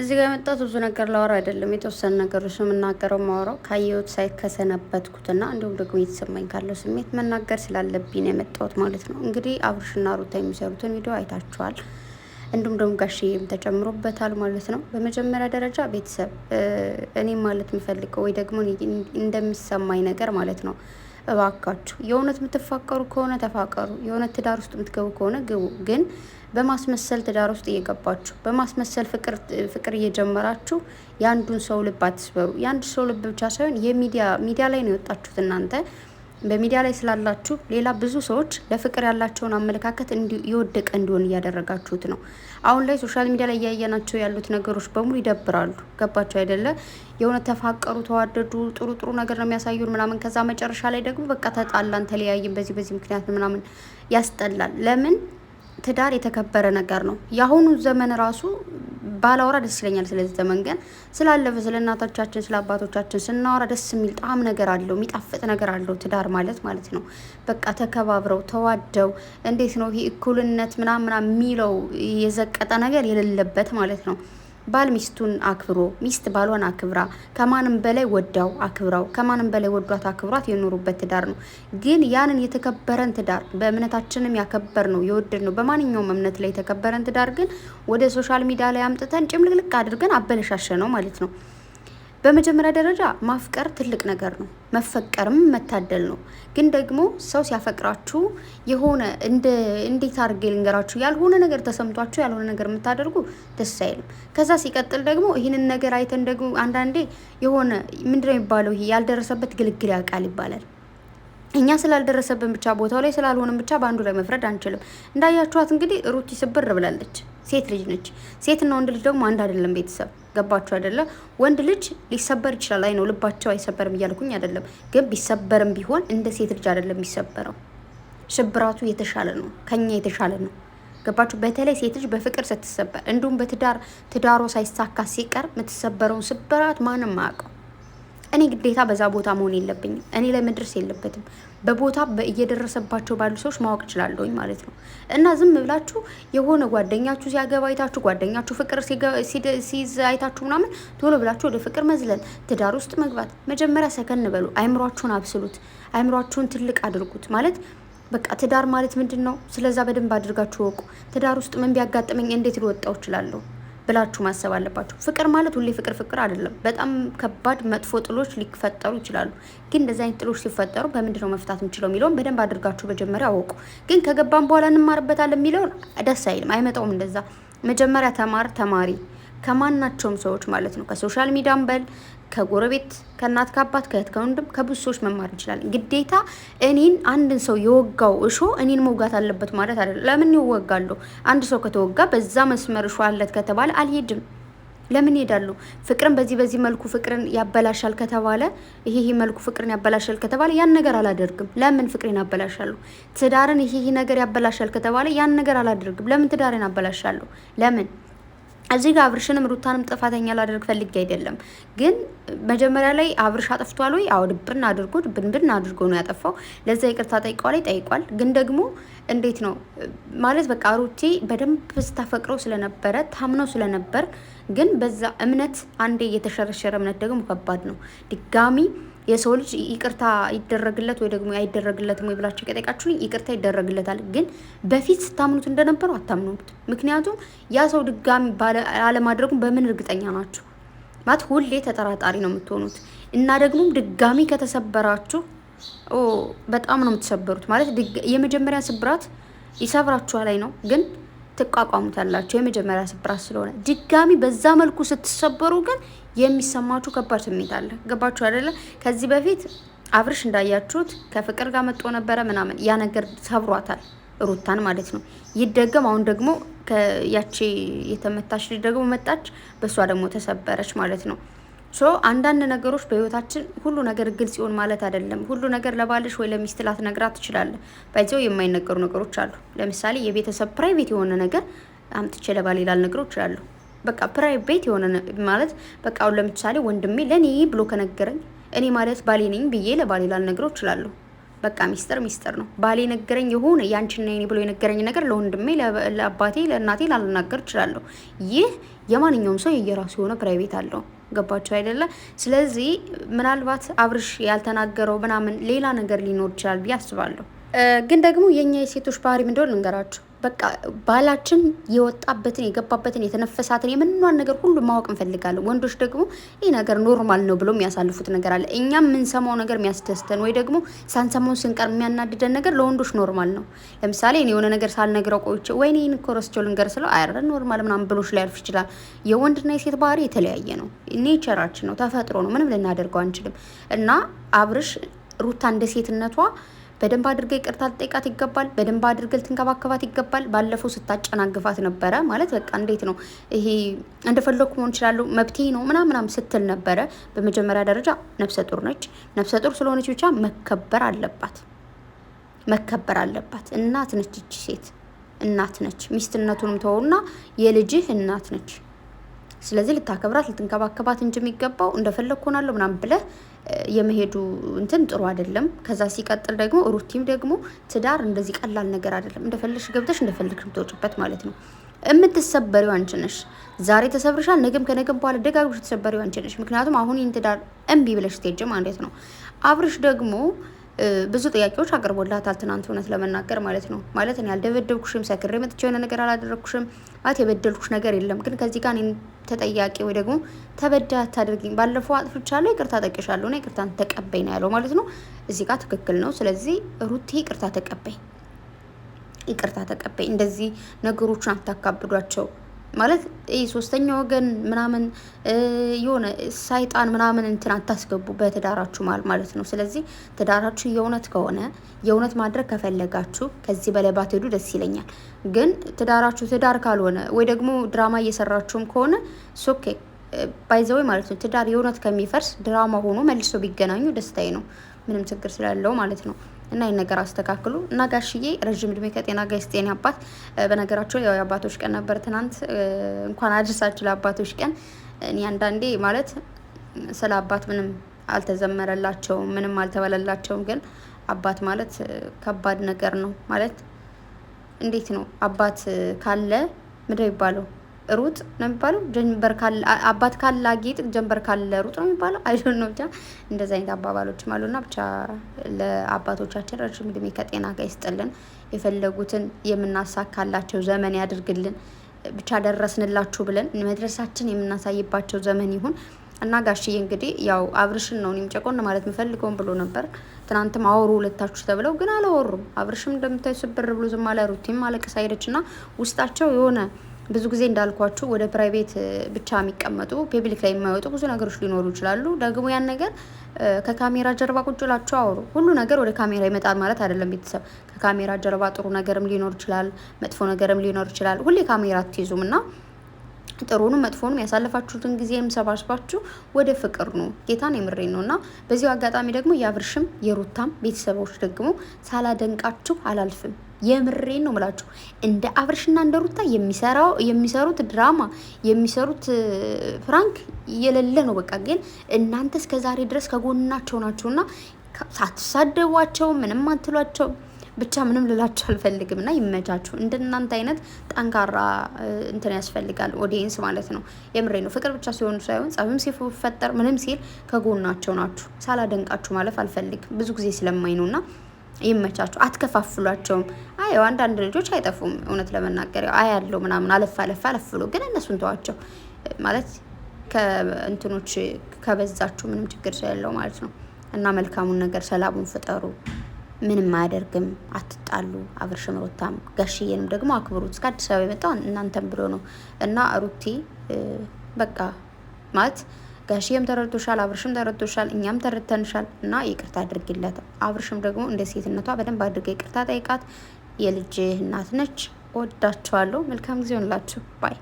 እዚህ ጋር የመጣት ብዙ ነገር ላወራ አይደለም፣ የተወሰኑ ነገሮች ነው የምናገረው። ማወራው ካየሁት ሳይ ከሰነበትኩትና እንዲሁም ደግሞ የተሰማኝ ካለው ስሜት መናገር ስላለብኝ ነው የመጣሁት ማለት ነው። እንግዲህ አብርሽና ሩታ የሚሰሩትን ቪዲዮ አይታችኋል። እንዲሁም ደግሞ ጋሽዬም ተጨምሮበታል ማለት ነው። በመጀመሪያ ደረጃ ቤተሰብ እኔ ማለት የምፈልገው ወይ ደግሞ እንደሚሰማኝ ነገር ማለት ነው፣ እባካችሁ የእውነት የምትፋቀሩ ከሆነ ተፋቀሩ፣ የእውነት ትዳር ውስጥ የምትገቡ ከሆነ ግቡ። ግን በማስመሰል ትዳር ውስጥ እየገባችሁ በማስመሰል ፍቅር እየጀመራችሁ የአንዱን ሰው ልብ አትስበሩ። የአንድ ሰው ልብ ብቻ ሳይሆን የሚዲያ ሚዲያ ላይ ነው የወጣችሁት እናንተ በሚዲያ ላይ ስላላችሁ ሌላ ብዙ ሰዎች ለፍቅር ያላቸውን አመለካከት የወደቀ እንዲሆን እያደረጋችሁት ነው። አሁን ላይ ሶሻል ሚዲያ ላይ እያየናቸው ያሉት ነገሮች በሙሉ ይደብራሉ። ገባቸው አይደለ? የሆነ ተፋቀሩ፣ ተዋደዱ፣ ጥሩ ጥሩ ነገር ነው የሚያሳዩን ምናምን። ከዛ መጨረሻ ላይ ደግሞ በቃ ተጣላን፣ ተለያይን በዚህ በዚህ ምክንያት ምናምን ያስጠላል። ለምን ትዳር የተከበረ ነገር ነው። የአሁኑ ዘመን ራሱ ባላወራ ደስ ይለኛል። ስለዚህ ዘመን ግን ስላለፈ ስለ እናቶቻችን ስለ አባቶቻችን ስናወራ ደስ የሚል ጣዕም ነገር አለው፣ የሚጣፍጥ ነገር አለው ትዳር ማለት ማለት ነው። በቃ ተከባብረው ተዋደው እንዴት ነው ይህ እኩልነት ምናምና የሚለው የዘቀጠ ነገር የሌለበት ማለት ነው። ባል ሚስቱን አክብሮ ሚስት ባሏን አክብራ ከማንም በላይ ወዳው አክብራው ከማንም በላይ ወዷት አክብሯት የኖሩበት ትዳር ነው። ግን ያንን የተከበረን ትዳር በእምነታችንም ያከበር ነው የወደድ ነው በማንኛውም እምነት ላይ የተከበረን ትዳር ግን ወደ ሶሻል ሚዲያ ላይ አምጥተን ጭምልቅልቅ አድርገን አበለሻሸ ነው ማለት ነው። በመጀመሪያ ደረጃ ማፍቀር ትልቅ ነገር ነው። መፈቀርም መታደል ነው። ግን ደግሞ ሰው ሲያፈቅራችሁ የሆነ እንዴት አድርጌ ልንገራችሁ ያልሆነ ነገር ተሰምቷችሁ ያልሆነ ነገር የምታደርጉ ደስ አይልም። ከዛ ሲቀጥል ደግሞ ይህንን ነገር አይተን ደግሞ አንዳንዴ የሆነ ምንድነው የሚባለው ይሄ ያልደረሰበት ግልግል ያውቃል ይባላል። እኛ ስላልደረሰብን ብቻ ቦታው ላይ ስላልሆንም ብቻ በአንዱ ላይ መፍረድ አንችልም። እንዳያችኋት እንግዲህ ሩቲ ስብር ብላለች። ሴት ልጅ ነች። ሴትና ወንድ ልጅ ደግሞ አንድ አይደለም ቤተሰብ ገባችሁ አይደለ? ወንድ ልጅ ሊሰበር ይችላል። አይ ነው ልባቸው አይሰበርም እያልኩኝ አይደለም፣ ግን ቢሰበርም ቢሆን እንደ ሴት ልጅ አይደለም የሚሰበረው። ስብራቱ የተሻለ ነው፣ ከኛ የተሻለ ነው። ገባችሁ? በተለይ ሴት ልጅ በፍቅር ስትሰበር፣ እንዲሁም በትዳር ትዳሮ ሳይሳካ ሲቀር የምትሰበረውን ስብራት ማንም አያውቀው። እኔ ግዴታ በዛ ቦታ መሆን የለብኝም። እኔ ላይ መድረስ የለበትም። በቦታ እየደረሰባቸው ባሉ ሰዎች ማወቅ እችላለሁኝ ማለት ነው። እና ዝም ብላችሁ የሆነ ጓደኛችሁ ሲያገባ አይታችሁ፣ ጓደኛችሁ ፍቅር ሲይዝ አይታችሁ ምናምን ቶሎ ብላችሁ ወደ ፍቅር መዝለል፣ ትዳር ውስጥ መግባት መጀመሪያ ሰከን በሉ። አይምሯችሁን አብስሉት። አይምሯችሁን ትልቅ አድርጉት ማለት በቃ ትዳር ማለት ምንድን ነው? ስለዛ በደንብ አድርጋችሁ ወቁ። ትዳር ውስጥ ምን ቢያጋጥመኝ እንዴት ልወጣው እችላለሁ? ብላችሁ ማሰብ አለባችሁ። ፍቅር ማለት ሁሌ ፍቅር ፍቅር አይደለም። በጣም ከባድ መጥፎ ጥሎች ሊፈጠሩ ይችላሉ። ግን እንደዚህ አይነት ጥሎች ሲፈጠሩ ነው መፍታት የምችለው የሚለውን በደንብ አድርጋችሁ መጀመሪያ አወቁ። ግን ከገባን በኋላ እንማርበታለን የሚለውን ደስ አይልም፣ አይመጣውም። እንደዛ መጀመሪያ ተማር ተማሪ ከማናቸውም ሰዎች ማለት ነው ከሶሻል ሚዲያም በል ከጎረቤት፣ ከእናት፣ ከአባት፣ ከእህት፣ ከወንድም ከብዙ ሰዎች መማር እንችላለን። ግዴታ እኔን አንድን ሰው የወጋው እሾ እኔን መውጋት አለበት ማለት አይደለም። ለምን ይወጋሉ? አንድ ሰው ከተወጋ በዛ መስመር እሾ አለት ከተባለ አልሄድም። ለምን ይሄዳሉ? ፍቅርን በዚህ በዚህ መልኩ ፍቅርን ያበላሻል ከተባለ ይሄ ይሄ መልኩ ፍቅርን ያበላሻል ከተባለ ያን ነገር አላደርግም። ለምን ፍቅሬን አበላሻለሁ? ትዳርን ይሄ ይሄ ነገር ያበላሻል ከተባለ ያን ነገር አላደርግም። ለምን ትዳርን አበላሻለሁ? ለምን እዚህ ጋር አብርሽንም ሩታንም ጥፋተኛ ላደርግ ፈልጌ አይደለም። ግን መጀመሪያ ላይ አብርሽ አጥፍቷል ወይ? አዎ ድብን አድርጎ ድብንብን አድርጎ ነው ያጠፋው። ለዛ ይቅርታ ጠይቀዋል ላይ ጠይቋል። ግን ደግሞ እንዴት ነው ማለት በቃ ሩቴ በደንብ ስታፈቅረው ስለነበረ ታምኖ ስለነበር፣ ግን በዛ እምነት አንዴ የተሸረሸረ እምነት ደግሞ ከባድ ነው ድጋሚ የሰው ልጅ ይቅርታ ይደረግለት ወይ ደግሞ አይደረግለትም ወይ ብላችሁ ከጠየቃችሁኝ ይቅርታ ይደረግለታል። ግን በፊት ስታምኑት እንደነበረው አታምኑት። ምክንያቱም ያ ሰው ድጋሚ አለማድረጉን በምን እርግጠኛ ናችሁ? ማለት ሁሌ ተጠራጣሪ ነው የምትሆኑት። እና ደግሞ ድጋሚ ከተሰበራችሁ በጣም ነው የምትሰበሩት። ማለት የመጀመሪያ ስብራት ይሰብራችኋ ላይ ነው ግን ትቋቋሙታላችሁ የመጀመሪያ ስብራት ስለሆነ። ድጋሚ በዛ መልኩ ስትሰበሩ ግን የሚሰማችሁ ከባድ ስሜት አለ። ገባችሁ አይደለ? ከዚህ በፊት አብርሽ እንዳያችሁት ከፍቅር ጋር መጥቶ ነበረ ምናምን፣ ያ ነገር ሰብሯታል ሩታን ማለት ነው። ይደገም አሁን ደግሞ ያቺ የተመታች ልጅ ደግሞ መጣች፣ በእሷ ደግሞ ተሰበረች ማለት ነው። ሶ አንዳንድ ነገሮች በህይወታችን ሁሉ ነገር ግልጽ ይሆን ማለት አይደለም። ሁሉ ነገር ለባልሽ ወይ ለሚስት ላትነግራት ትችላለ። በዚያው የማይነገሩ ነገሮች አሉ። ለምሳሌ የቤተሰብ ፕራይቬት የሆነ ነገር አምጥቼ ለባሌ ላልነግረው እችላለሁ። በቃ ፕራይቬት የሆነ ማለት በቃ አሁን ለምሳሌ ወንድሜ ለእኔ ብሎ ከነገረኝ እኔ ማለት ባሌ ነኝ ብዬ ለባሌ ላልነግረው እችላለሁ። በቃ ሚስጥር ሚስጥር ነው። ባሌ ነገረኝ የሆነ ያንቺና የኔ ብሎ የነገረኝ ነገር ለወንድሜ፣ ለአባቴ፣ ለእናቴ ላልናገር እችላለሁ። ይህ የማንኛውም ሰው የየራሱ የሆነ ፕራይቬት አለው። ገባቸው አይደለ? ስለዚህ ምናልባት አብርሽ ያልተናገረው ምናምን ሌላ ነገር ሊኖር ይችላል ብዬ አስባለሁ። ግን ደግሞ የእኛ የሴቶች ባህሪ ምንደሆን ልንገራቸው በቃ ባላችን የወጣበትን የገባበትን የተነፈሳትን የምንኗን ነገር ሁሉ ማወቅ እንፈልጋለን። ወንዶች ደግሞ ይህ ነገር ኖርማል ነው ብሎ የሚያሳልፉት ነገር አለ። እኛም የምንሰማው ነገር የሚያስደስተን ወይ ደግሞ ሳንሰማው ስንቀር የሚያናድደን ነገር ለወንዶች ኖርማል ነው። ለምሳሌ እኔ የሆነ ነገር ሳልነግረው ቆይቼ ወይኔ ይህን ልንገር ስለው አረ ኖርማል ምናምን ብሎች ሊያልፍ ይችላል። የወንድና የሴት ባህሪ የተለያየ ነው። ኔቸራችን ነው፣ ተፈጥሮ ነው። ምንም ልናደርገው አንችልም። እና አብርሽ ሩታ እንደ ሴትነቷ በደንብ አድርገህ ይቅርታ ልጠይቃት ይገባል። በደንብ አድርገህ ልትንከባከባት ይገባል። ባለፈው ስታጨናግፋት ነበረ ማለት በቃ እንዴት ነው ይሄ እንደፈለግኩ መሆን ይችላሉ መብቴ ነው ምናምናም ስትል ነበረ። በመጀመሪያ ደረጃ ነፍሰ ጡር ነች። ነፍሰ ጡር ስለሆነች ብቻ መከበር አለባት፣ መከበር አለባት። እናት ነች ይቺ ሴት እናት ነች። ሚስትነቱንም ተወውና የልጅህ እናት ነች። ስለዚህ ልታከብራት ልትንከባከባት እንጂ የሚገባው እንደፈለግ ሆናለሁ ምናምን ብለህ የመሄዱ እንትን ጥሩ አይደለም። ከዛ ሲቀጥል ደግሞ ሩቲም ደግሞ ትዳር እንደዚህ ቀላል ነገር አይደለም። እንደፈለግሽ ገብተሽ እንደፈለግሽ ምትወጭበት ማለት ነው። የምትሰበሪው አንቺ ነሽ። ዛሬ ተሰብርሻል፣ ነገም ከነገም በኋላ ደጋግመሽ ተሰበሪው አንቺ ነሽ። ምክንያቱም አሁን ይህን ትዳር እምቢ ብለሽ ስትሄጂ ማለት ነው። አብርሽ ደግሞ ብዙ ጥያቄዎች አቅርቦላታል። ትናንት እውነት ለመናገር ማለት ነው ማለት ነው ያልደበደብኩሽም፣ ሰክሬ መጥቼ የሆነ ነገር አላደረግኩሽም፣ ማለት የበደልኩሽ ነገር የለም። ግን ከዚህ ጋር እኔን ተጠያቂ ወይ ደግሞ ተበዳ አታድርጊኝ። ባለፈው አጥፍቻለሁ፣ ይቅርታ ጠቅሻለሁ እና ይቅርታን ተቀበይ ነው ያለው ማለት ነው። እዚህ ጋር ትክክል ነው። ስለዚህ ሩቴ ይቅርታ ተቀበይ፣ ይቅርታ ተቀበይ። እንደዚህ ነገሮቹን አታካብዷቸው። ማለት ሶስተኛ ወገን ምናምን የሆነ ሳይጣን ምናምን እንትን አታስገቡ በትዳራችሁ ማል ማለት ነው። ስለዚህ ትዳራችሁ የእውነት ከሆነ የእውነት ማድረግ ከፈለጋችሁ ከዚህ በላይ ባትሄዱ ደስ ይለኛል። ግን ትዳራችሁ ትዳር ካልሆነ ወይ ደግሞ ድራማ እየሰራችሁም ከሆነ ሶኬ ባይዘወይ ማለት ነው። ትዳር የእውነት ከሚፈርስ ድራማ ሆኖ መልሶ ቢገናኙ ደስታዬ ነው፣ ምንም ችግር ስላለው ማለት ነው። እና ይህን ነገር አስተካክሉ እና ጋሽዬ ረዥም እድሜ ከጤና ጋር ይስጤን አባት። በነገራቸው ያው የአባቶች ቀን ነበር ትናንት። እንኳን አድርሳችሁ ለአባቶች ቀን። እኔ አንዳንዴ ማለት ስለ አባት ምንም አልተዘመረላቸውም፣ ምንም አልተበለላቸውም። ግን አባት ማለት ከባድ ነገር ነው ማለት እንዴት ነው አባት ካለ ምድር ይባለው ሩጥ ነው የሚባለው ጀንበር ካለ አባት ካለ ጌጥ ጀንበር ካለ ሩጥ ነው የሚባለው። አይዶን ነው ብቻ እንደዚ አይነት አባባሎችም አሉና ብቻ ለአባቶቻችን ረጅም እድሜ ከጤና ጋር ይስጥልን፣ የፈለጉትን የምናሳካላቸው ዘመን ያድርግልን። ብቻ ደረስንላችሁ ብለን መድረሳችን የምናሳይባቸው ዘመን ይሁን እና ጋሽዬ እንግዲህ ያው አብርሽን ነው እኔም ጨቆን ማለት የምፈልገውን ብሎ ነበር። ትናንትም አወሩ ሁለታችሁ ተብለው ግን አላወሩም። አብርሽም እንደምታዩ ስብር ብሎ ዝም አለ። ሩቲም አለቀስ አይደች እና ውስጣቸው የሆነ ብዙ ጊዜ እንዳልኳችሁ ወደ ፕራይቬት ብቻ የሚቀመጡ ፔብሊክ ላይ የማይወጡ ብዙ ነገሮች ሊኖሩ ይችላሉ። ደግሞ ያን ነገር ከካሜራ ጀርባ ቁጭ አውሩ። ሁሉ ነገር ወደ ካሜራ ይመጣል ማለት አይደለም። ቤተሰብ ከካሜራ ጀርባ ጥሩ ነገርም ሊኖር ይችላል፣ መጥፎ ነገርም ሊኖር ይችላል። ሁሌ ካሜራ አትይዙም እና ጥሩንም መጥፎንም ያሳለፋችሁትን ጊዜም ሰባስባችሁ ወደ ፍቅር ነው። ጌታን የምሬ ነው እና በዚሁ አጋጣሚ ደግሞ የአብርሽም የሩታም ቤተሰቦች ደግሞ ሳላደንቃችሁ አላልፍም። የምሬን ነው ምላችሁ እንደ አብርሽና እንደ ሩታ የሚሰሩት ድራማ የሚሰሩት ፍራንክ የሌለ ነው። በቃ ግን እናንተ እስከ ዛሬ ድረስ ከጎናቸው ናቸውና ሳትሳደቧቸው ምንም አትሏቸው። ብቻ ምንም ልላቸው አልፈልግም እና ይመቻችሁ። እንደናንተ አይነት ጠንካራ እንትን ያስፈልጋል ኦዲየንስ ማለት ነው። የምሬ ነው። ፍቅር ብቻ ሲሆኑ ሳይሆን ጸብም ሲፈጠር ምንም ሲል ከጎናቸው ናችሁ። ሳላደንቃችሁ ማለፍ አልፈልግም ብዙ ጊዜ ስለማይ ነው እና ይመቻችሁ። አትከፋፍሏቸውም። ያው አንዳንድ ልጆች አይጠፉም። እውነት ለመናገር ያው አያለው ምናምን አለፍ አለፍ አለፍ ብሎ ግን እነሱን ተዋቸው ማለት ከእንትኖች ከበዛችሁ ምንም ችግር ስለሌለው ማለት ነው። እና መልካሙን ነገር ሰላሙን ፍጠሩ። ምንም አያደርግም። አትጣሉ። አብርሽም ሩታም ጋሽዬንም ደግሞ አክብሩት። እስከ አዲስ አበባ የመጣው እናንተም ብሎ ነው እና ሩቲ በቃ ማለት ጋሽዬም ተረድቶሻል፣ አብርሽም ተረድቶሻል፣ እኛም ተረድተንሻል እና ይቅርታ አድርግለት። አብርሽም ደግሞ እንደ ሴትነቷ በደንብ አድርገ ይቅርታ ጠይቃት። የልጄ እናት ነች። ወዳችኋለሁ። መልካም ጊዜ ሆንላችሁ ባይ